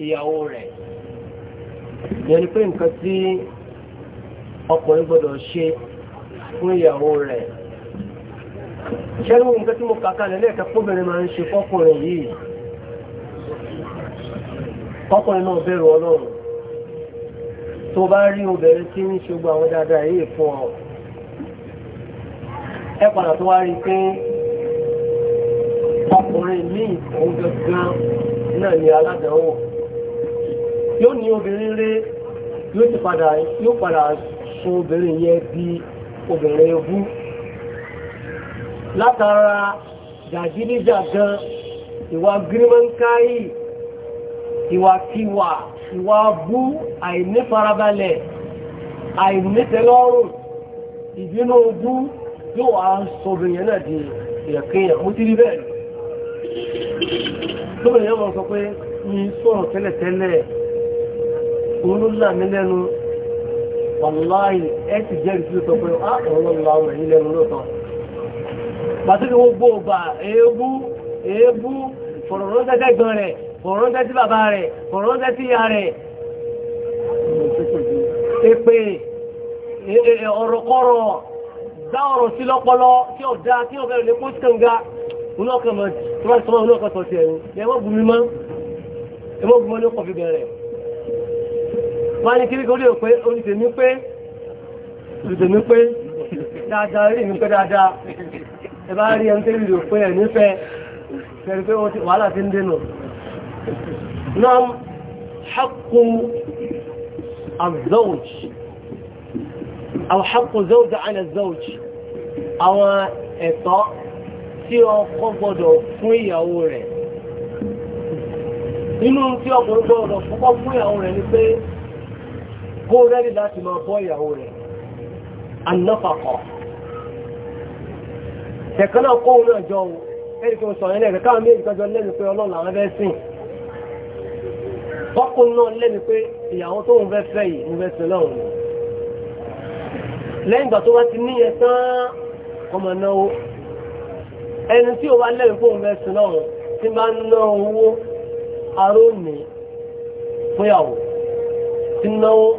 ìyàwó rẹ̀ yẹn ni pé nǹkan tí ọkùnrin gbọdọ̀ ṣe fún ìyàwó rẹ̀ ṣẹ́nu nǹkan tí mo kà kalẹ̀ lẹ́ẹ̀kan kóbìnrin máa ń ṣe fọ́kùnrin yìí fọ́kùnrin náà bẹ̀rù ọlọ́run tó bá rí obìnrin tí ń ṣe gbogbo àwọn dáadáa yìí fún ọ ẹ padà tó wá rí pé ọkùnrin míì òun gangan náà ni aládàáwò yóò ní obìnrin rẹ yóò ti padà yóò padà sun obìnrin yẹn bí obìnrin ebú látara jàgídíjà gan ìwà gírímọ́ńkáì ìwà kíwà ìwà bú àìnífarabalẹ̀ àìnítẹ́lọ́rùn ìbínú ojú yóò wá sọ́bìnrin náà di ìyàkíyàn mú ti rí bẹ́ẹ̀ lóbìnrin yóò mọ̀ sọ pé ní sọ̀rọ̀ tẹ́lẹ̀tẹ́lẹ̀ òun ló là mí lẹ́nu wàláì ẹ ti jẹ́ ìdílé sọ pé á ah, òun ló la ọmọ yìí lẹ́nu lóòótọ́ pàtàkì wọn gbó ọba èébú èébú fọ̀rọ̀ ránṣẹ́ tẹ́gbọ́n rẹ̀ fọ̀rọ̀ ránṣẹ́ tí bàbá rẹ̀ fọ̀rọ̀ ránṣẹ́ tí ìyá rẹ̀ èpè e, e, e, wọ́n ní kíríkì orí òpé olùtèmí pé olùtèmí pé dáadáa rí mi pé dáadáa ẹ bá rí ẹni tẹ́lẹ̀ òpé ẹ̀ nífẹ̀ẹ́ pẹ̀lú pé wọ́n ti wàhálà ti ń dènà náà ṣàkó الزوج او حق الزوج على الزوج àwọn ẹ̀tọ́ tí ọkọ gbọdọ̀ fún ìyàwó rẹ̀ nínú tí ọkùnrin gbọdọ̀ fún ìyàwó rẹ̀ ni pé kó rẹ́rì láti máa bọ́ ìyàwó rẹ̀ anáfàkọ̀ ẹ̀kan náà kó náà jọ ohun ẹni kí wọ́n sọ ẹ̀lẹ́ rẹ̀ káwọn méjì tọ́jọ lẹ́nu pé ọlọ́run àwọn fẹ́ sìn ọkùnrin náà lẹ́nu pé ìyàwó tó ń fẹ́ fẹ́ yìí ń fẹ́ sìn lọ́run lẹ́yìn ìgbà tó ti o, ti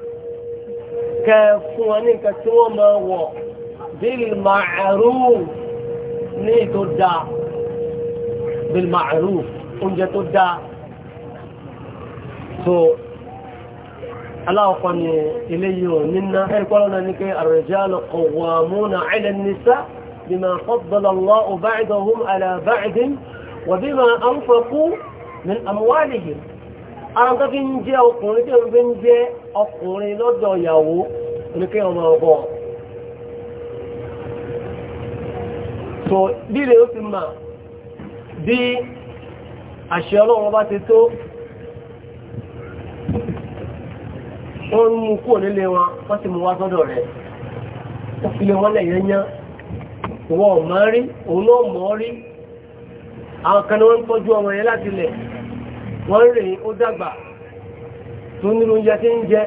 kẹ fún wọn ní nǹkan tí wọ́n máa wọ̀ bil ma'ruf ní ètò dáa bil ma'ruf oúnjẹ tó dáa so aláwọ̀kọ́ ni eléyìí ò nínú ẹ̀kọ́ lọ́nà ní pé ar-rijalu qawwamuna 'ala an-nisa' بما فضل الله بعضهم على بعض وبما أنفقوا من أموالهم àwọn tó fi ń jẹ́ ọkùnrin tí wọ́n fi ń jẹ́ ọkùnrin lọ́dọ̀ ìyàwó oníkẹ́ ọmọ ọgbọ́ so bí ó ti mà bí àṣẹ ọlọ́run bá ti tó wọ́n mú kúrò nílé wọn wọ́n ti mú wá sọ́dọ̀ rẹ̀ wọ́n fi lé wọn lẹ̀ yẹn wọ́n mọ́ rí òun náà mọ́ rí àwọn kan ni wọ́n ń tọ́jú ọmọ yẹn láti lẹ̀ wọ́n rè ó dàgbà tó nírú oúnjẹ tí ń jẹ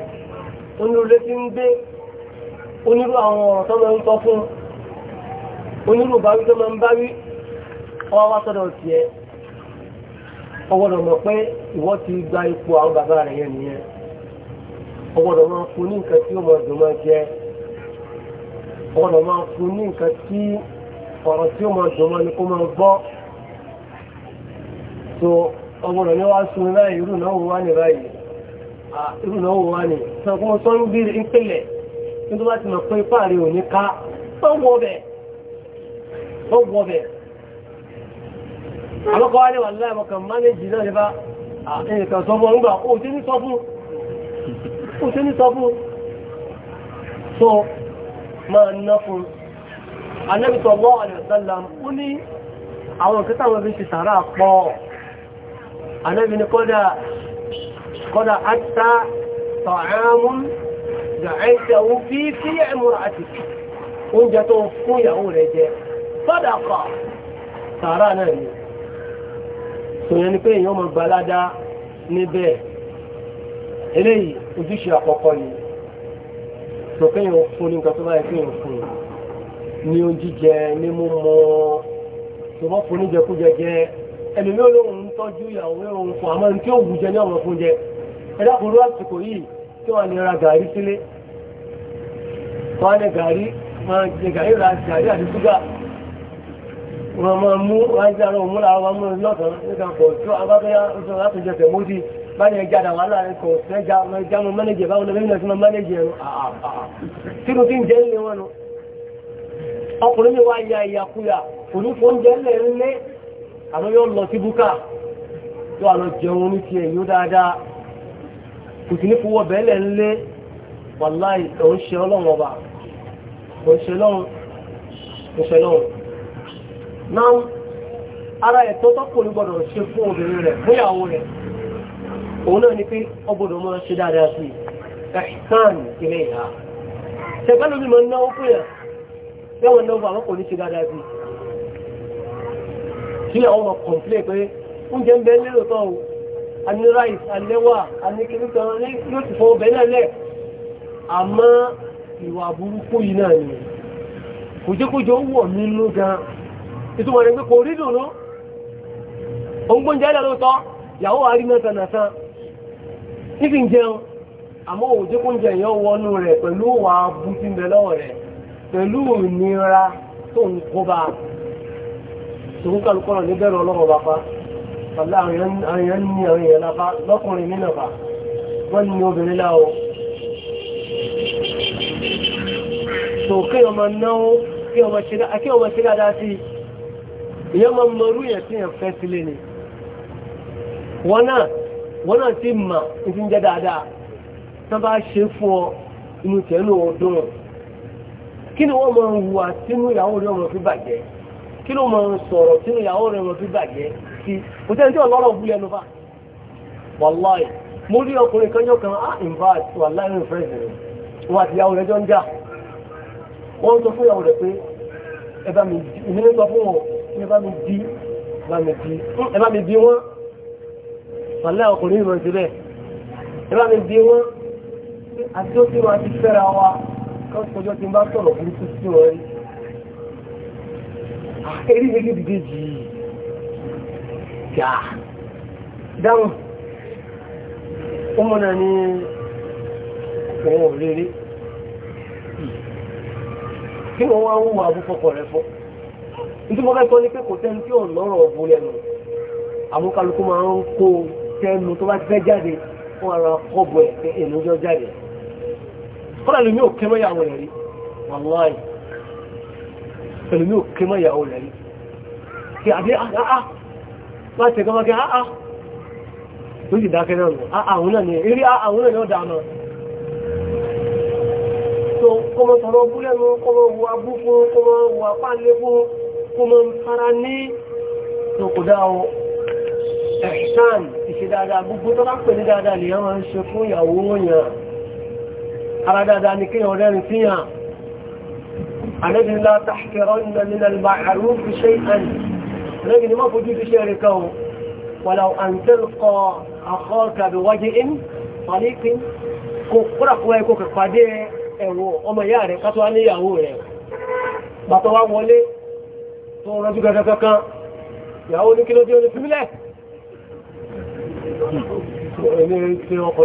onírú lé tí ń gbé onírú àwọn ọ̀rọ̀ tó lọ ń tọ́ fún onírú bá wí tó máa ń bá wí ọwọ́ wá sọ́dọ̀ tiẹ̀ ọgbọ́dọ̀ mọ̀ pé ìwọ ti gba ipò àwọn bàbá rẹ̀ yẹn nìyẹn ọgbọ́dọ̀ máa fún ní nǹkan tí ó mọ̀ dùn máa jẹ ọgbọ́dọ̀ máa fún ní nǹkan tí ọ̀rọ̀ tí ó mọ̀ dùn máa ní kó máa gbọ́ ọmọ rẹ̀ ní wá sun báyìí irú náà wò wá ní báyìí irú náà wò wá ní sọ̀kún tó ń bí ìpìlẹ̀ nítorí wá ti mọ̀ pé ipá rẹ̀ ò ní ká ó wọ bẹ̀ ó wọ bẹ̀ àmọ́kọ́ wá ní wà láì mọ̀kàn mánéjì náà nípa ẹnìkan so máa ná fún anábìtọ̀ lọ́wọ́ àlẹ́ àwọn òkúta wọn fi ṣe sàárà pọ̀ anábi ni kódà kódà àtà tọ̀hámún dàáìsẹ̀ òun fi fi ẹ̀mùrà àti oúnjẹ tó fún ìyàwó rẹ̀ jẹ kódà kọ̀ sàárà náà ni sòyẹn ni pé èèyàn mọ̀ gbalada níbẹ̀ eléyìí ojúṣe àkọ́kọ́ ni sọ fún ní nǹkan tó báyìí pé fún ní oúnjíjẹ ní mímọ́ tó bá fún níjẹkújẹ jẹ́ ẹlòmí olóhùn ń tọ́jú ìyàwó ohun fún àmọ́ ma tí ó wù jẹ ní ọmọ fún jẹ ẹ̀dá àsìkò yìí tí wọ́n ní ra gàrí sílé wọ́n ní gàrí máa jẹ gàrí ra gàrí àti ṣúgà wọ́n máa mú wọ́n jẹ́ àwọn òmúra wọn mú lọ́sàn-án nígbà pọ̀ tí wọ́n láti jẹ tẹ̀ ẹja ẹja báwọn ọmọ tí ti ń jẹ́ wọn nu ọkùnrin mi wá ya kò àmọ́ yóò lọ sí búkà yóò àlọ́ jẹun ní tiẹ̀ yóò dáadáa kò sí ní fowó bẹ́ẹ̀lẹ̀ ńlé wàláì òun ṣe ọlọ́run ọba òun ṣe ọlọ́run òun ṣe ọlọ́run. náà ara ẹ̀tọ́ tọ́kùnrin gbọ́dọ̀ ṣe fún obìnrin rẹ̀ fún ìyàwó rẹ̀ òun náà ni pé ó gbọ́dọ̀ máa ṣe dáadáa sí ẹ̀sán ilé ìhà ṣẹ̀gbẹ́ lómi máa ń náwó fún yà sílẹ̀ ọmọ kọ̀ǹplẹ̀ pé oúnjẹ ń bẹ lérò tán o a ní ráìsì alẹ́wà a ní kíní kan yóò ti fọwọ́ bẹ́ẹ̀ náà lẹ̀ àmọ́ ìwà burúkú yìí náà ni kò jẹ́ kó jọ wọ̀ mí nú gan ìtumọ̀ rẹ̀ pé kò rí dùnú òun gbóúnjẹ lẹ́rọ tán ìyàwó wa rí mẹ́ta nàtàn níbi ń jẹun àmọ́ òjò kó ń jẹ wọnú rẹ̀ pẹ̀lú wàá bú sí ń bẹ lọ́wọ́ rẹ̀ pẹ̀lú ìnira tó ń kó bá a ṣùgbọ́n kálukú náà ní bẹ̀rù ọlọ́run bá fa pàlá àwọn èèyàn ní àwọn èèyàn lápá lọ́kùnrin nínú fa wọ́n ní obìnrin láwọ́ tó kí ọmọ náwó kí ọmọ ṣe dáadáa sí ìyá máa mọrú yẹn tí yẹn fẹ́ sílé ni wọ́n náà wọ́n náà ti mà ní jẹ́ dáadáa tó bá ṣe fún ọ inú tẹ̀lé ọdún kí ni wọ́n máa ń hùwà sínú ìyàwó rẹ̀ ọmọ fi bàjẹ́ kí ló mọ̀ sọ̀rọ̀ tí ìyàwó rẹ̀ wọn fi bàjẹ́ sí kò tẹ́lẹ̀ tí ọlọ́rọ̀ bú lẹ́nu bá wàláì mo rí ọkùnrin kan yọ kan á invite wàláì rìn fẹ́ rẹ̀ wọn àti ìyàwó rẹ̀ jọ ń jà wọ́n sọ fún ìyàwó rẹ̀ pé ẹ mi di ìdílé sọ fún wọn ẹ bá mi di ẹ mi di ẹ mi di wọn wàláì ọkùnrin yìí mọ̀ sí mi di wọn àti ó ti wọn àti fẹ́ra wa kọ́sọ̀jọ́ ti bá sọ̀rọ̀ burúkú sí wọn rí eré mi gidigidi yìí yà dáhùn ọmọ náà ní òun ò lérí kí wọ́n wá ń wà fúnfọkọ rẹ fọ́ nítorí wọ́n fẹ́ sọ ní pé kò tẹ́ni tí ò lọ́rọ̀ ọ̀bùn lẹ́nu àwọn kálukú máa ń kó tẹnu tó bá fẹ́ jáde fún ara kọ́bọ̀ ẹ̀ pé jọ jáde kọ́lá lómi ò kẹ́mọ́ ìyàwó rẹ̀ rí wàláì ẹlòmí ò kẹ́mọ́ ìyàwó rẹ̀ rí kí àbí àá ah, ah, ah. má tẹ̀ gọ́mọ́ kí àá tó sì dákẹ́ náà nù àwọn náà ni eré àwọn náà ni ó dáná so kọmọ tọrọ bú lẹ́nu kọmọ wù abú fún kọmọ wù apá lé fún kọmọ fara ní tó kò dá o ẹ̀sán ìṣe dáadáa gbogbo tó bá pè ní dáadáa lè yàn ṣe fún ìyàwó lẹ́yìn ni má fojú sí ṣe rẹ̀ kan wàlá àǹtẹ́lùkọ àkọ́ọ̀kà bí wájú in pàlíkì kò kúràkúrà ikú kò pàdé ẹ̀wọ̀ ọmọ ìyá rẹ̀ kátó wá níyàwó rẹ̀ bàtọ̀ wá wọlé tó rọjú gẹ́gẹ́ kankan ìyàwó ní kí ló dé orí fílẹ̀ ẹ̀mí ọkọ̀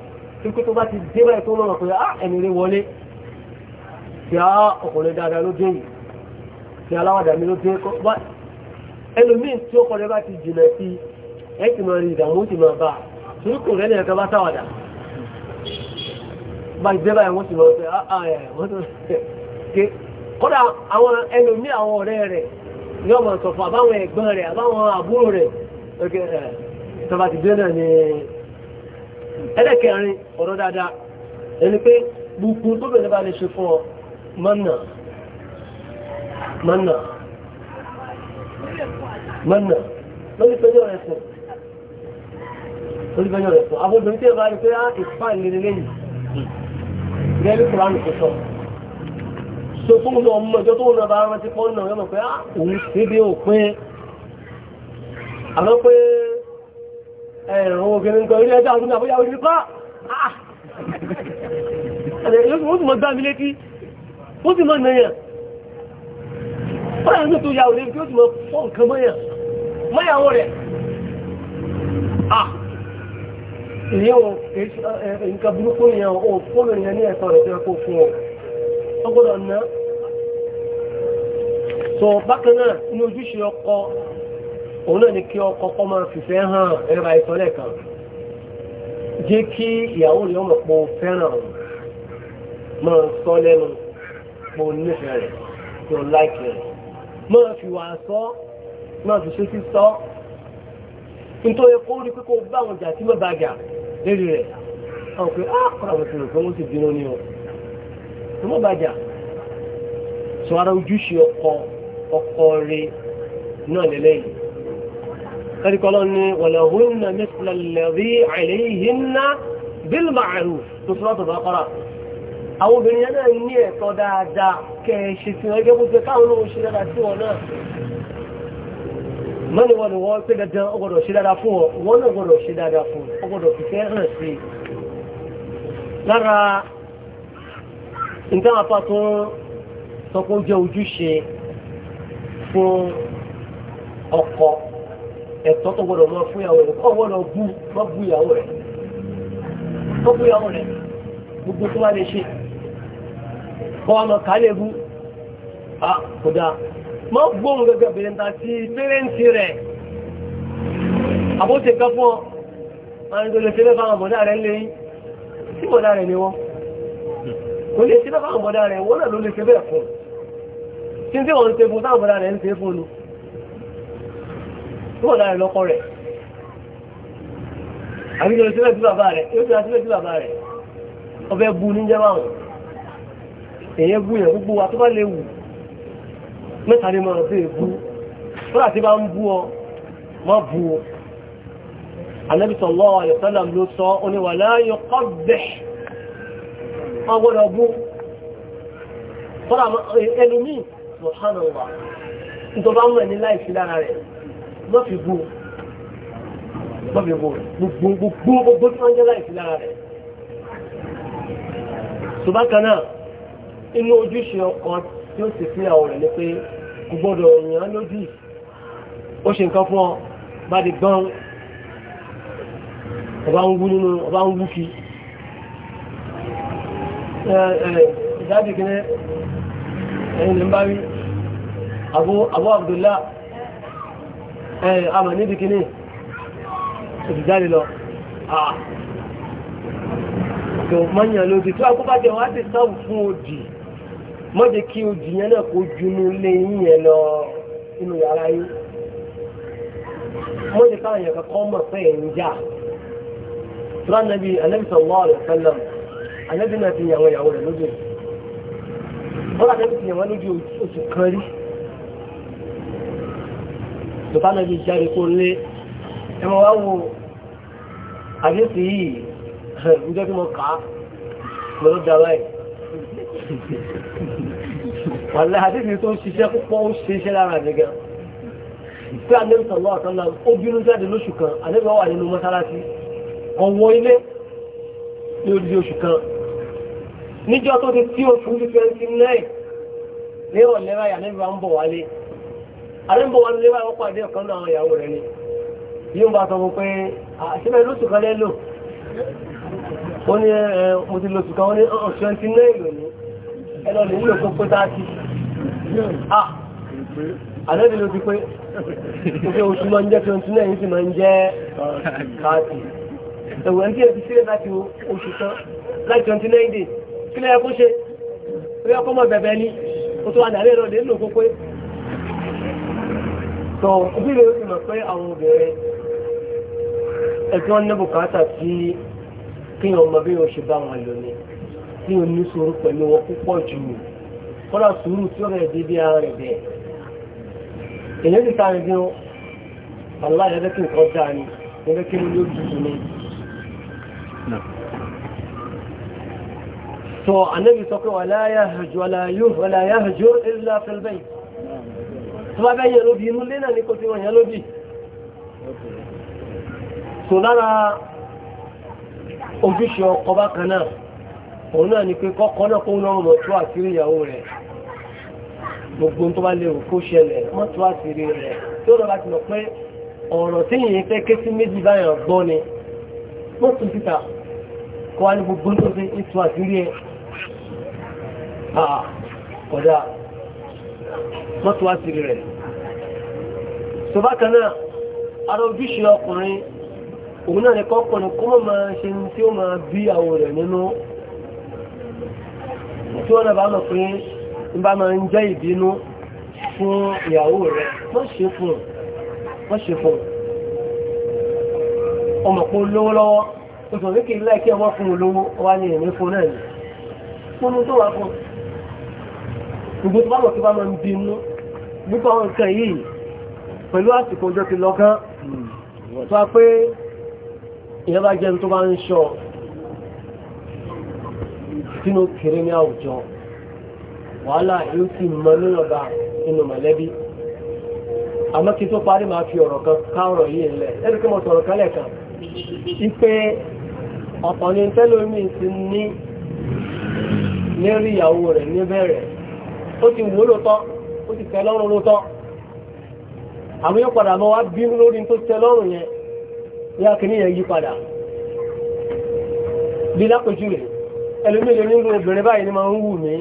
kíkó tó bá ti dé báyìí tó lọ́nà pé á ah, ẹni rí wọlé tí á ọkùnrin dáadáa ló dé yìí tí aláwàdà mi ló dé kọ́ bá ẹlòmíì tí ó kọ́ni bá ti jìnà sí ẹ ti máa rí ìdààmú ti máa bá a torí kò rẹ́ nìyẹn kan bá sáwàdà bá ìdé báyìí wọ́n ti lọ pé á ẹ̀ wọ́n tó ké kódà àwọn ẹlòmíì àwọn ọ̀rẹ́ rẹ̀ yọ ọmọ sọ̀fọ̀ àbáwọn ẹ̀gbọ́n rẹ̀ àbáwọn àbúrò rẹ̀ tọ́ba ti dé ni ẹlẹ́kẹrin ọ̀rọ̀ dáadáa ẹni pé gbogbo tó bẹ̀rẹ̀ bá lè ṣe fún ọ mọ́nà mọ́nà mọ́nà lórí pẹ́jọ́ rẹ̀ sùn lórí pẹ́jọ́ rẹ̀ sùn àwọn obìnrin tí ẹ bá rí pé á ìfà ìlérí lẹ́yìn gẹ́lú kùránù kò sọ so fún ọmọ ọmọ ìjọ tó náà bá rántí pọ́nà yọmọ pé á ah, òun sí bí òpin àlọ́ ẹ̀rùn obìnrin kan ilé ẹjọ́ àdúgbà bóyá orí pa ah! ó sì mọ́ gbá mi létí ó sì mọ́ nìyàn ó rẹ̀ ní tó ya òní ó sì mọ́ fọ́ nǹkan mọ́yàn mọ́yàwó rẹ̀ ah! ìyẹ́wò nǹkan burúkú yẹn ò fún ènìyàn ní ẹ̀tọ́ rẹ̀ tó kó fún ọ ọgbọ́dọ̀ náà sọ bákan náà òun náà ni kí ọkọ kọ́ máa fìfẹ́ hàn ẹ̀rọ àìsọ́lẹ̀ kan jẹ́ kí ìyàwó rẹ̀ ọmọ pọ̀ fẹ́ràn máa sọ lẹ́nu pọ̀ nífẹ̀ẹ́ rẹ̀ tó láìkì rẹ̀ máa fi wà sọ máa fi ṣe sí sọ nítorí kó rí pé kó bá àwọn ìjà tí mọ̀bá jà lérí rẹ̀ àwọn pé áà ah, kọ́ra àwọn ìṣòro pé wọ́n ti bínú ní o tó mọ̀bá jà sọ ara ojúṣe ọkọ ọkọ rẹ̀ náà lélẹ́yìn kẹ́ríkọ́lọ́ ni walahunna mithlu alladhi alayhinna bil ma'ruf tó sọ́rọ̀ tó bọ́kọ́rọ̀ àwọn obìnrin náà ní ẹ̀tọ́ dáadáa kẹ́ẹ̀ṣe tí wọ́n gẹ́gbó pé káwọn olóhùn ṣe dáadáa sí wọn náà mọ́ni wọn ni wọ́n pé dandan ó gbọ́dọ̀ ṣe dáadáa fún ọ wọ́n ẹ̀tọ́ tó gbọ́dọ̀ máa fún ìyàwó rẹ̀ kọ́ gbọ́dọ̀ bú má bú ìyàwó rẹ̀ tó bú ìyàwó rẹ̀ gbogbo tó wá lè ṣe kọ́ ọmọ kálẹ̀ bú a kò dáa má gbóhùn gẹ́gẹ́ bìnrin ta ti pérẹ́ǹtì rẹ̀ àbóṣe kan fún ọ àwọn ìgbèlè tí lẹ́fà àwọn bọ̀dá rẹ̀ lè tí bọ̀dá rẹ̀ ni wọ́n kò lè tí lẹ́fà àwọn bọ̀dá rẹ̀ wọ́n náà ló lè ṣe bẹ́ẹ̀ fún un wọ́n lára lọ́kọ rẹ̀ àbí lọ sílẹ̀ sí bàbá rẹ̀ yóò sílẹ̀ sílẹ̀ sí bàbá rẹ̀ ọbẹ̀ bu ní jẹ́ báwọn èyàn bu yẹn gbogbo wa tó bá lè wù mẹ́ta ni mo rọ̀ sí èbú fúnra tí bá ń bú ọ má bú ọ Ànábì sallallahu alaihi wasallam ló sọ ó ní wà láyé kọ́ bẹ̀ wọ́n gbọ́dọ̀ bú fúnra ẹlòmíì subhanallah nítorí wọ́n mọ̀ ní láìsí lára rẹ̀ lọ́fi bú lọ́fi bú gbogbo gbogbo tí wọ́n jẹ́ láìsí lára rẹ̀ ṣùgbọ́n kan náà inú ojúṣe ọkọ tí ó sì fi àwọn rẹ̀ ni pé kò gbọ́dọ̀ yàn lójú ó ṣe nǹkan fún ọ bá di gbọ́n ọba ń wú nínú ọba ń wú kí ìdájì kìíní ẹ̀yìn lè ń bá rí Abu Abdullah ẹ̀ àmà níbi kìíní òtìjáde lọ àtò mọ́nyàn lòdì tó agbó bá jẹ wọ́n á ti sáwù fún òdì mọ́jẹ kí òdì yẹn náà kó junú lé yíyẹn lọ inú yàrá yín mọ́jẹ káwọn yẹn kankan mọ̀ pé ẹ̀ ń jà tó ànábi ànábi sallallahu alaihi wasallam ànábi náà ti yàn àwọn ìyàwó rẹ̀ lójú yìí wọ́n ànábi ti yàn lọ́pàá bí jáde kó lé ẹmọ wá wo àdéhùn yìí ǹjẹ́ tí mo kà á mo ló dára ẹ̀ wàlẹ́ àdéhùn tó ń ṣiṣẹ́ púpọ̀ ó ṣe iṣẹ́ lára mi gan pé àdéhùn sọ̀rọ̀ ọ̀tọ́ náà ó bínú jáde lóṣù kan àdéhùn wà nínú mọ́sálásí ọ̀wọ́ ilé ní odidi oṣù kan níjọ́ tó ti tí oṣù 2029 ní ọ̀lẹ́ráyà níbi wa ń bọ̀ wálé àrẹ́mbọ̀ wọn lé wọ́n pàdé ọ̀kan náà ìyàwó rẹ̀ ni yíò bá sọ fún pé àṣíbẹ̀ lóṣù kan lẹ́lò ó ní ẹ mo ti lóṣù kan ó ní ọ̀ṣẹ́ ti ná èlò ní ẹlọ lè nílò fún pétá sí àlẹ́bí ló ti pé oṣù oṣù máa ń jẹ́ twenty nine sì máa ń jẹ́ thirty ẹ̀wọ̀n ẹni tí ẹ ti sílẹ̀ láti oṣù kan láti twenty nine days kí lẹ́yìn kó ṣe ó yẹ kó mọ̀ bẹ̀bẹ̀ ni ó tó wà ní àlẹ́ ìrọ̀lẹ́ nílò fún pé tó ojú rẹ̀ ó ti mọ̀ pé àwọn obìnrin ẹ̀gbọ́n ní bùkátà tí kí wọ́n mọ bí wọ́n ṣe bá wọn lò ní tí wọ́n ní sùúrù pẹ̀lú wọn púpọ̀ jù kọ́lá sùúrù tí ó rẹ̀ dé bí ara rẹ̀ bẹ́ẹ̀. èyàn ti sáré bí wọn aláìyá bẹ́ẹ̀ kí nǹkan dáa ni wọ́n kí wọ́n yóò tutù ní. sọ anábì sọ pé wàlá yahjur wàlá yahjur illa fil bayt tó bá fẹ́ yẹ lóbi inú lé náà ní kò tí wọ́n yẹ lóbi so lára ojúṣe ọkọ bákan náà òun náà ni pé kọ́kọ́ náà kó náà mọ̀ tó àṣírí ìyàwó rẹ̀ gbogbo tó bá léwu kó ṣẹlẹ̀ mọ́ tó àṣírí rẹ̀ tó lọ́ba ti mọ̀ pé ọ̀rọ̀ tí yìnyín fẹ́ ké sí méjì báyàn gbọ́ ni mọ́ tó síta kó wá ní gbogbo tó ṣe ètò àṣírí ẹ̀ ah, kódà mọ́tò wá sílẹ̀ rẹ̀ sọ́bákanáà ara ojúṣe ọkùnrin òun náà ní kọ́kùnrin kó mọ́ máa ṣe ní tí ó máa bí àwọn rẹ̀ nínú tí wọ́n náà bá mọ̀ pé ń bá máa ń jẹ́ ìbínú fún ìyàwó rẹ̀ wọ́n ṣe fún wọ́n ṣe fún ọmọ lọ́wọ́ oṣù òní kì í láì kí fún un wá ní ìní fún náà ní ṣùgbọ́n bá lọ́kí bá máa ń bínú nípa àwọn nǹkan yìí pẹ̀lú àsìkò ọjọ́ ti lọ́kán tó a pé ìyẹn bá jẹun tó bá ń ṣọ sínú kéré ní àwùjọ wàhálà yóò sì mọ nílọ̀gbà nínú mọ̀lẹ́bí àmọ́ kí tó parí máa fi ọ̀rọ̀ kan ká ọ̀rọ̀ yìí lẹ̀ ẹ̀rí kí mo sọ̀rọ̀ kan lẹ́ẹ̀kan ipe ọ̀pọ̀ ni tẹ́lómi ti ní ní rí ìyàwó rẹ̀ níbẹ̀rẹ̀ ó ti wò lóòótọ́ ó ti tẹ́ lọ́rùn lóòótọ́ àmì yóò padà mọ́ wá bínú lórí tó tẹ́ lọ́rùn yẹn ya kìí yẹn yí padà bí lápòjú rẹ̀ ẹlòmílò nínú obìnrin báyìí ni ma ń wù mí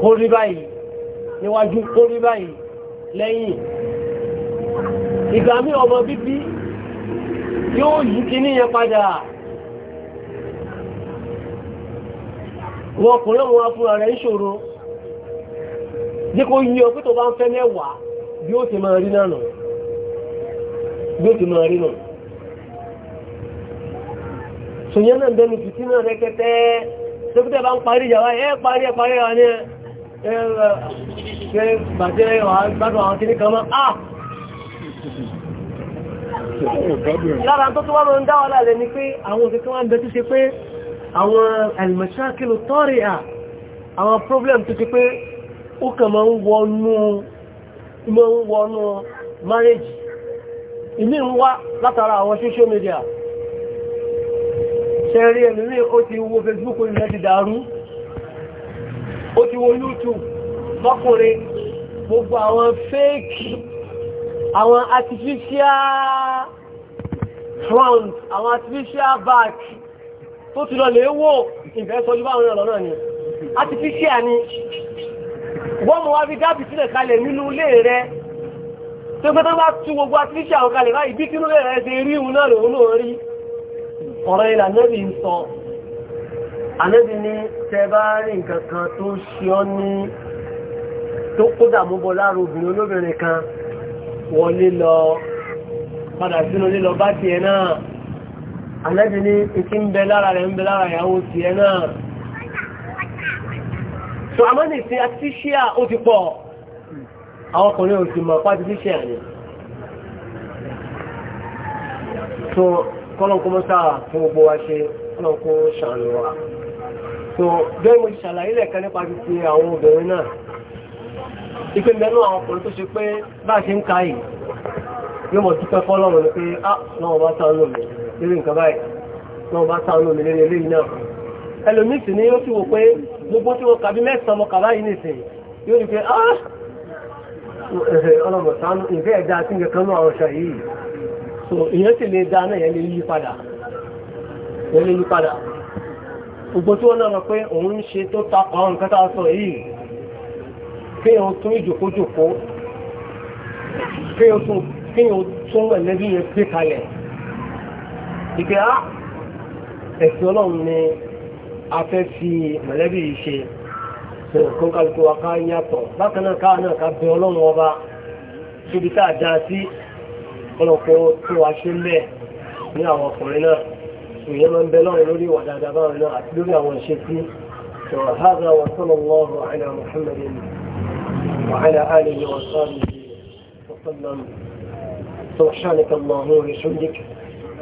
kó rí báyìí níwájú kó rí báyìí lẹ́yìn ìgbà mí ọmọ bíbí yóò yí kìí yẹn padà wọn kò lọ́wọ́ wọn fúnra rẹ̀ ìṣòro jẹ́ kó yí ọ pé tó bá ń fẹ́ mẹ́wàá bí ó ti máa rí náà nù bí ó ti máa rí nù sòyẹ́ náà bẹnu fìtí náà rẹ́kẹ́tẹ́ tókítẹ́ bá ń parí ìjà wa ẹ parí ẹ parí ẹ wà ní ẹ bàtẹ́ wà gbádùn àwọn kìnnìkan mọ́ ah lára tó tó wá mọ́ ń dáwọ́ láàrẹ ni pé àwọn òṣèké wá ń bẹ àwọn alìmọ̀ṣákìlù tọ́rì à àwọn problem tó ti pé ó kàn máa ń wọnú marriage ìmí ń wá látara àwọn social media ṣẹ́rí ẹ̀lúrí ó ti wo facebook ilẹ̀ ti dàrú ó ti wo youtube lọ́kùnrin gbogbo àwọn fake àwọn artificial front àwọn artificial back tó ti lọ lè wò ìfẹ́ sọjú báwọn ọ̀rọ̀ náà ni artificial ni bọ́ọ̀mù wa fi dábì sílẹ̀ kalẹ̀ nínú ilé rẹ tó gbé tó bá tú gbogbo artificial kalẹ̀ báyìí bí kínú rẹ̀ ṣe rí òun náà lòun náà rí ọ̀rọ̀ ilẹ̀ anẹ́bì ń sọ anẹ́bì ní tẹ bá rí nǹkan kan tó ṣe ọ́ ní tó kó dààmú bọ lára obìnrin olóbìnrin kan wọlé lọ padà sínú lílọ bá tiẹ̀ náà ànábì ní ìtí ń bẹ lára rẹ̀ ń bẹ lára ìyàwó ti ẹ náà so àmọ́ ní ìsìn àti ṣíà ó ti pọ̀ àwọn ọkùnrin ò sì mọ̀ pàtí sí ṣíà ni so kọ́lọ̀kọ́ mọ́sá fún gbogbo wa ṣe kọ́lọ̀kọ́ ṣàánú wa so bẹ́ẹ̀ mo ṣàlàyé lẹ́ẹ̀kan nípa títí àwọn obìnrin náà ìpé mẹ́nu àwọn ọkùnrin tó ṣe pé bá ṣe ń káyì yóò mọ̀ dúpẹ́ fọ́lọ́run ni pé ah náà wọ́n bá sáà lò mí lórí nǹkan báyìí náà bá sáwọn omi lórí eléyìí náà ẹlòmíì sì ni ó ti wò pé gbogbo tí wọn kàbí mẹ́sàn-án ọmọ kàbá yìí nìsín yóò ní pé ah! ọlọ́mọ sánú ìfẹ́ ẹ̀dá sí nǹkan kan náà ọ̀ṣọ́ yìí so ìyẹn sì lè da náà yẹn lè yí padà yẹn lè yí padà gbogbo tí wọn náà rọ pé òun ń ṣe tó ta àwọn nǹkan tá a sọ yìí kéèyàn tún ìjòkójòkó kéèyàn tún mọ̀lẹ́bí yẹn gbé kalẹ̀ ìpé á ah, ẹ̀sìn ọlọ́run ni a fẹ́ fi mọ̀lẹ́bí yìí ṣe kó kálukú wa ká yàtọ̀ bákan náà káà náà ká bẹ ọlọ́run ọba síbi tá a dá sí ọlọ́pọ̀ tó wá ṣe mẹ́ ní àwọn ọkùnrin náà ìyẹn máa ń bẹ lọ́run lórí ìwà dáadáa báwọn náà àti lórí àwọn ìṣe sí هذا وصلى الله على محمد وعلى آله وصحبه وسلم سبحانك اللهم وبحمدك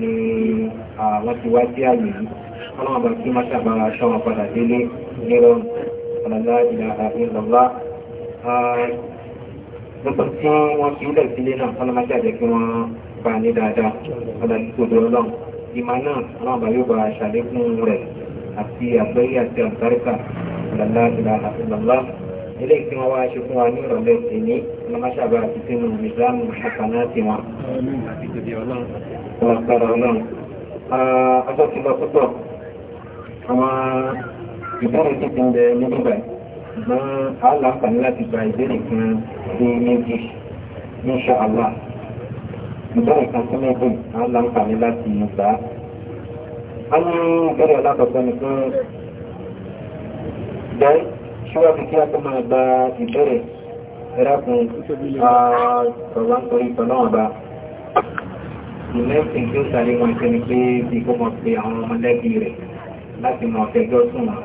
ni àwọn ti wá sí àyè yìí ọlọ́run bá kí máṣe àbára aṣọ wọn padà délé nírọ̀ ọ̀làlá ìlà àìlọ́lá nípa tí wọ́n fi ilẹ̀ sílé náà ọlọ́run máṣe àjẹ́ kí wọ́n bá ní dáadáa ọ̀là ìgbòdo ọlọ́run ìmọ̀ náà ọlọ́run bá yóò bá ṣàlékún rẹ̀ àti àgbẹ̀yẹ àti àgbáríkà ọ̀làlá ìlà àìlọ́lá ilé tí wọ́n wá ọ̀rọ̀sọ̀rọ̀ náà ọjọ́ ti lọ púpọ̀ àwọn ìbẹ̀rẹ̀ tó ti ń bẹ ní bíbẹ̀ ṣùgbọ́n aláǹfààní láti gba ìbéèrè kan sí méjì ní ṣàlá ìbẹ̀rẹ̀ kan sí méjì aláǹfààní láti gbà á. a ní ìbẹ̀rẹ̀ alákọ̀ọ́kọ́ ni the next thing tí ó sáré wọn ṣe ni pé bí kò mọ̀ pé àwọn ọmọlẹ́bí rẹ̀ láti mọ̀ ọ̀tẹ́jọ́ sùn wọn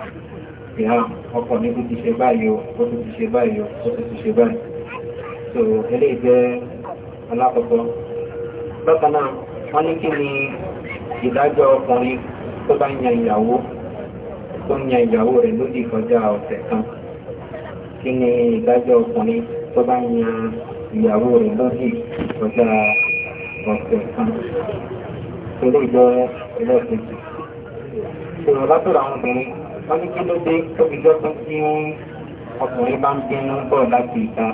pé á ọkọ̀ ní kò ti ṣe báyìí o ó ti ti ṣe báyìí o ó ti ti ṣe báyìí so eléyìí jẹ́ alákọ̀ọ́kọ́ bákan náà wọ́n ní kí ni ìdájọ́ ọkùnrin tó bá yan ìyàwó tó ń yan ìyàwó rẹ̀ lódì kọjá ọ̀sẹ̀ kan kí ni ìdájọ́ ọkùnrin tó bá yan ìyàwó rẹ̀ lódì kọjá ọ̀sẹ̀ kan torí ìjọ ẹlẹ́sìn ṣòro látọ̀rọ̀ àwọn obìnrin wọ́n ní kí ló dé tóbi jọ́ tó tí ọkùnrin bá ń bínú bọ̀ láti ìta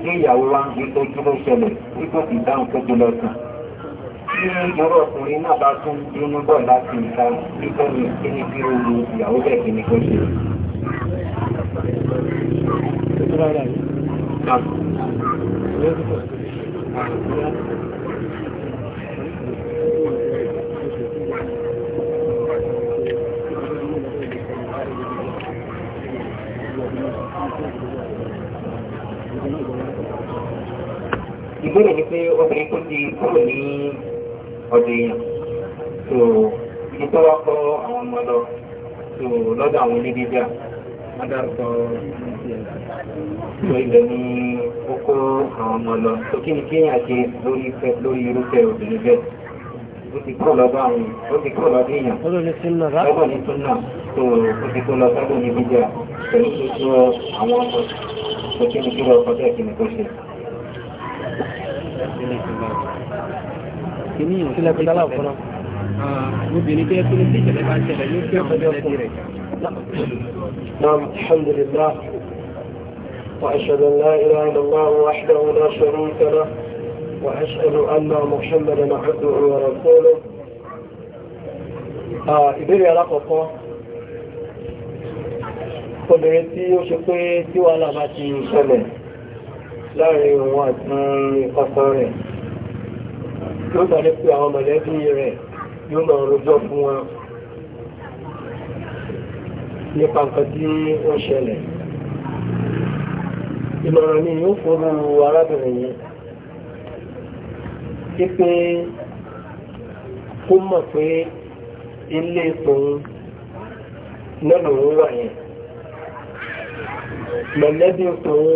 tí ìyàwó wa ń gbé tó kí ló ṣẹlẹ̀ tí kò sì dáhùn tó jùlọ sàn tí irú ọkùnrin náà bá tún bínú bọ̀ láti ìta tí kò ní kí ni bí olú ìyàwó bẹ́ẹ̀ kí ni kò ṣe. Thank you. ìbéèrè ni pé obìnrin tó ti kúrò ní ọdọ èèyàn tó ibi tó wá kọ àwọn ọmọ lọ tó lọ́dọ̀ àwọn onídíjà adarúkọ tó ilẹ̀ ní ó àwọn ọmọ lọ tó kí ni kéèyàn ṣe lórí irúfẹ́ obìnrin bẹ́ẹ̀ ó ti kúrò lọ́dọ̀ àwọn ó ti kúrò lọ́dọ̀ èèyàn lọ́dọ̀ ní súnà tó ó ti kúrò lọ́dọ̀ onídíjà pẹ̀lú tó àwọn ọmọ tó kí ni kí lọ́kọ́ bẹ́ẹ̀ kí ni kó ṣe kìíní yìí sílẹ̀ kúndà láwùjọ náà. obìnrin tó yẹ kí ní tí ìṣẹ̀lẹ̀ bá ń ṣẹlẹ̀ yóò kí ọ̀pọ̀ ìṣẹ̀lẹ̀ rẹ̀. نعم الحمد لله وأشهد أن لا إله إلا الله وحده لا شريك له وأشهد أن محمدا عبده ورسوله ìbéèrè alákọ̀ọ́kọ́ obìnrin tí ó ṣe pé tí wàhálà bá ti ṣẹlẹ̀ láàrin òun àti ọkọ rẹ̀ tó sọ̀rọ̀ pé àwọn mọ̀lẹ́bí rẹ̀ yóò máa rojọ́ fún wọn nípa nǹkan tí ó ṣẹlẹ̀ ìmọ̀ràn mi yóò fòrò arábìnrin yẹn pípé kó mọ̀ pé ilé tòun náà lòun wà yẹn mọ̀lẹ́bí tòun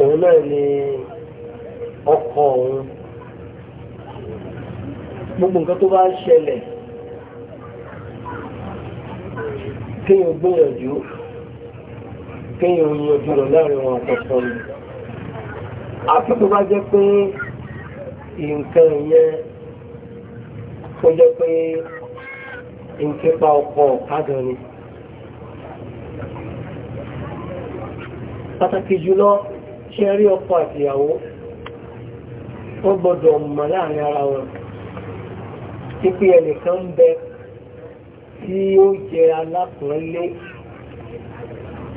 òun náà ni ọkọ òun gbogbo nǹkan tó bá ṣẹlẹ̀ kéèyàn gbìyànjú kéèyàn yanjú rẹ̀ láàrin wọn kọ̀ọ̀kan ni àti tó bá jẹ́ pé nǹkan yẹn tó jẹ́ pé nǹkan pa ọkọ̀ ọ̀kadà ni. pàtàkì jùlọ ṣe rí ọkọ àtìyàwó wọ́n gbọ́dọ̀ mọ̀ láàrin ara wọn pípé ẹnìkan ń bẹ tí ó jẹ alákùnrinlé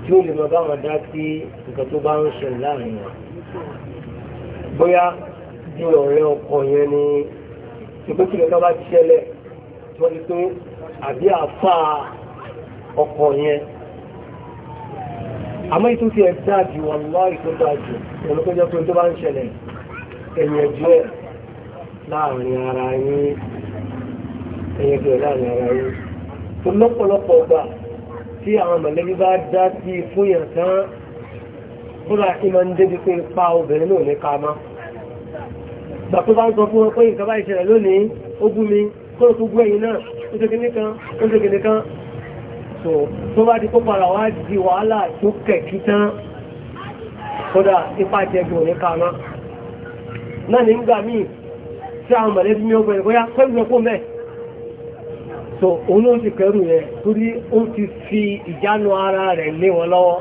tí ó lè máa bá wọn dá sí nǹkan tó bá ń ṣẹlẹ̀ láàrin wọn. bóyá bí ọ̀rẹ́ ọkọ yẹn ni ìgbésílẹ̀ tó bá ṣẹlẹ̀ tí wọ́n ti pé àbí àáfàá ọkọ yẹn àmọ́ ìtún ti ẹ̀dá jù wọn lọ́ ìtọ́jà jù olùkọ́jọ́ pé tó bá ń ṣẹlẹ̀ ẹ̀yìn ẹ̀jẹ̀ láàrin ara yín ẹ̀yẹ̀dẹ̀ láàrin ara yìí tó lọ́pọ̀lọpọ̀ gbà tí àwọn mọ̀lẹ́bí bá dá sí fún yẹn tán búra kí máa ń débi pé pa obìnrin náà ní ká má gbà tó bá ń sọ fún wọn pé nǹkan bá ìṣẹ̀lẹ̀ lónìí ó bú mi kó o tún gbé ẹyin náà ó ṣe kíní kan ó ṣe kíní kan so tó bá di kó padà wá di wàhálà tó kẹ̀kí tán kódà ipá jẹgbẹ̀ òní ká má náà nígbà míì tí àwọn mọ̀lẹ́bí mi ó gbẹ̀rẹ̀ bóyá pẹ́lú ẹ̀kọ́ mẹ́ẹ̀ so òun ti sì kẹrù yẹn torí ó ti fi ìjánu ara rẹ̀ lé wọn lọ́wọ́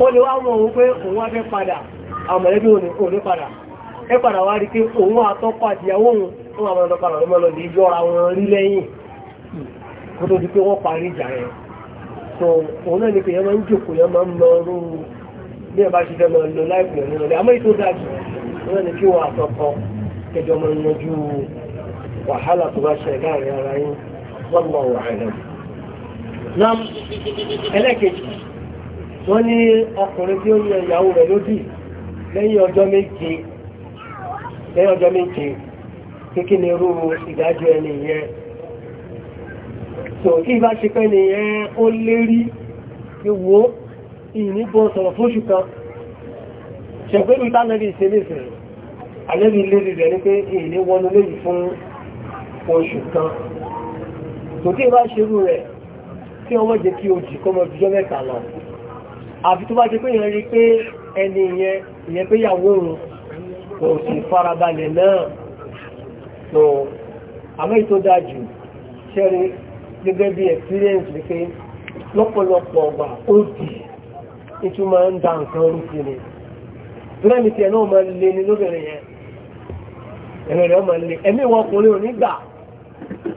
ó lè wá mọ̀ òun pé òun wá fẹ́ padà àmọ̀lẹ́bí òun ní padà ẹ padà wá rí pé òun àtọ́pọ̀ àtìyàwó òun wọ́n àwọn ọ̀dọ́ padà lọ́mọ́ lọ́dẹ̀ yọ́ra wọn rí lẹ́yìn so na ni ma lọ wàhálà tó يا ṣe والله ara yín wọ́n mọ̀ wàhálà. nam ẹlẹ́kejì wọ́n ní ọkùnrin tí ó yẹ ìyàwó ìdájọ́ ẹni so kí bá ṣe pẹ́ nìyẹn ó lérí ìwò ìníbọn sọ̀rọ̀ fóṣù kan ṣẹ̀gbẹ́rù tánàbí ìṣẹ́lẹ̀ṣẹ̀ alẹ́bí lérí rẹ̀ ní pé èyí wọnú léyìí fún oṣù kan tòkè bá ṣerú rẹ̀ kí wọ́n jẹ́ kí ojì kọ́ mọ́ jíjọ́ mẹ́ta lọ àfi tó bá jẹ́ pé èèyàn rí pé ẹni ìyẹn ìyẹn pé yàwó òun kò sì farabalẹ̀ náà tó àmọ́ èyí tó dáa jù ṣẹ́rí gẹ́gẹ́ bí experience wípé lọ́pọ̀lọpọ̀ ọgbà ó dì ìtumọ̀ ń da nǹkan orúkú ni bírẹ́mìtì ẹ̀ náà máa ní lóbìnrin yẹn ẹ̀rọ rẹ̀ máa ẹ̀mí ìwọ̀n ò ní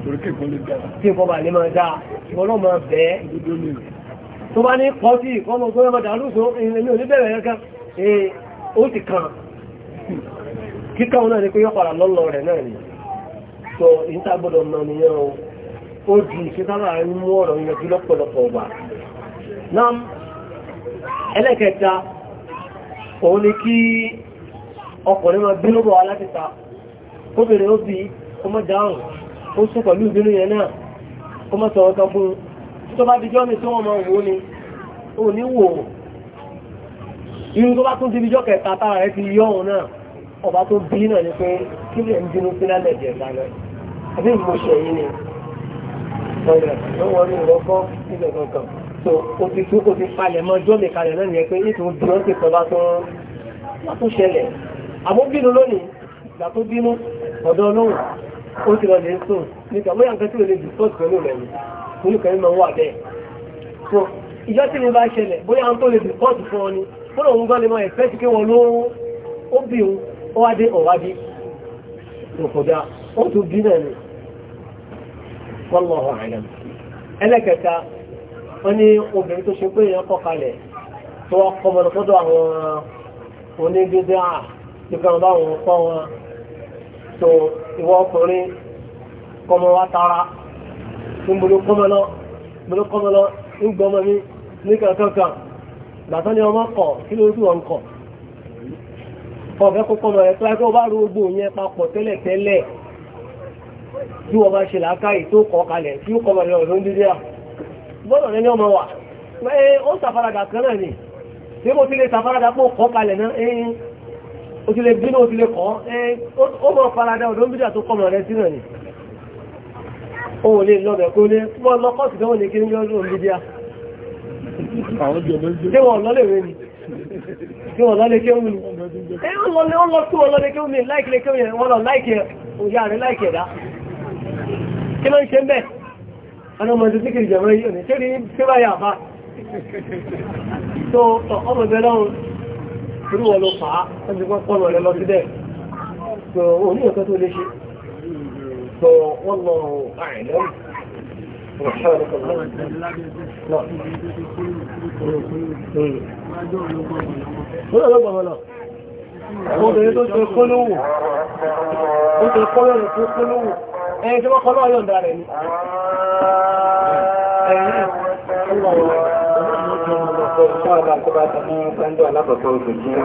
tí nǹkan bá lè máa dáa ìwọ náà máa bẹ́ẹ̀ tó bá ní kọ́ sí ìkọ́mọ tó yẹ máa dà lóṣù èmi ò ní bẹ̀rẹ̀ kankan ee ó ti kàn kíkàn náà ni pé yọ padà lọ́lọ́ rẹ̀ náà ni sọ ìta gbọ́dọ̀ mọ nìyẹn o ó di ìṣẹ́sára ń mú ọ̀rọ̀ yanjú lọ́pọ̀lọpọ̀ wà náà ẹlẹ́kẹta òun ni kí ọkùnrin máa gbé lóbọ̀ alákẹta kóbìnrin ó ó sún pẹ̀lú ìbínú yẹn náà kó mọ́ sọ̀rọ̀ kan fún tó bá dijọ́ ni tí wọ́n máa wò ó ni ò ní wò ó irú tó bá tún dijọ́ kẹta tára rẹ ti yọ òun náà ọba tó bí náà ni pé kí lè ń bínú sí lálẹ́ ìjẹ́ ìgbà náà àbí ìmọ̀ṣẹ̀ yìí ni wọ́n rí ìrọ́gbọ́ nílẹ̀ kankan so o ti tún o ti palẹ̀ mọ́ jọ́mi kalẹ̀ náà nìyẹn pé nítorí bí wọ́n ti pẹ́ bá tún wọ́n tún ṣẹlẹ̀ ó ti lọ́dẹ̀ ń sùn nígbà bóyá nǹkan tí ò lè discuss pẹ̀lú rẹ̀ ni fún ìkànnì máa wà bẹ́ẹ̀. so ìjọ tí mi bá ṣẹlẹ̀ bóyá àwọn tó lè discuss fún ọ ni fún òun gbọ́n lè máa ẹ̀fẹ́ sí pé wọn ló ó bì ń ó wá bí òkòdá ó tó ìwọ ọkùnrin kọmọ wa tara tó ń bolo kọmọ lọ bolo kọmọ lọ ń gbọmọ mi ní kankankan gbàtọ́ ni ọmọ kọ̀ kí ló dùn ọ̀n kọ̀ ọ̀fẹ́ kó kọmọ rẹ̀ tó ẹgbẹ́ ọba ro gbò yẹn papọ̀ tẹ́lẹ̀ tẹ́lẹ̀ tí wọ́n bá ṣe làákàyè tó kọ̀ kalẹ̀ tí ó kọmọ rẹ̀ ọ̀dọ́ ń dídí à bọ́ọ̀lù rẹ̀ ni ọmọ wà ó ṣàfaradà kan náà ni ṣé mo ti lè ṣàfaradà pé ó kọ̀ kalẹ̀ náà o ti lè bínú o ti lè kọ́ ó mọ̀ farada ọ̀dọ́ ń bídà tó kọ́ mọ̀ rẹ sínú ẹ̀ òun lè lọ bẹ̀kú ní mọ́ lọ́kọ́ sí dánwò ní kí ní ọdún òmìnira tí wọ́n lọ́lẹ̀ rẹ̀ ni tí wọ́n lọ́lẹ̀ kéwù ni ẹ̀yọ́ lọ́lẹ̀ ó lọ tí wọ́n lọ́lẹ̀ kéwù ni láìkìlẹ̀ kéwù yẹn wọ́n lọ láìkì òyà rẹ̀ láìkì ẹ̀dá kí ló ń ṣe ń bẹ̀ ọ̀nà ọmọdé tí kìrì jẹ̀mọ́ yìí ò ní ṣé rí ṣé báyà bá torí ló fà á wọ́n ti rẹ lọ síbẹ̀ tó òní nǹkan tó lè ṣe tó wọ́n lọ àìlẹ́wò Wọ́n lọ gbọ́mọ obìnrin tó ṣe kó Ó ṣe kó tó kó Ẹni tí wọ́n kọ́ lọ́wọ́ rẹ̀ ni. Ẹ̀yìn ọlọ́wọ́. bá tó bá ti ní pẹ́ńtò alákọ̀ọ́kọ́ oṣù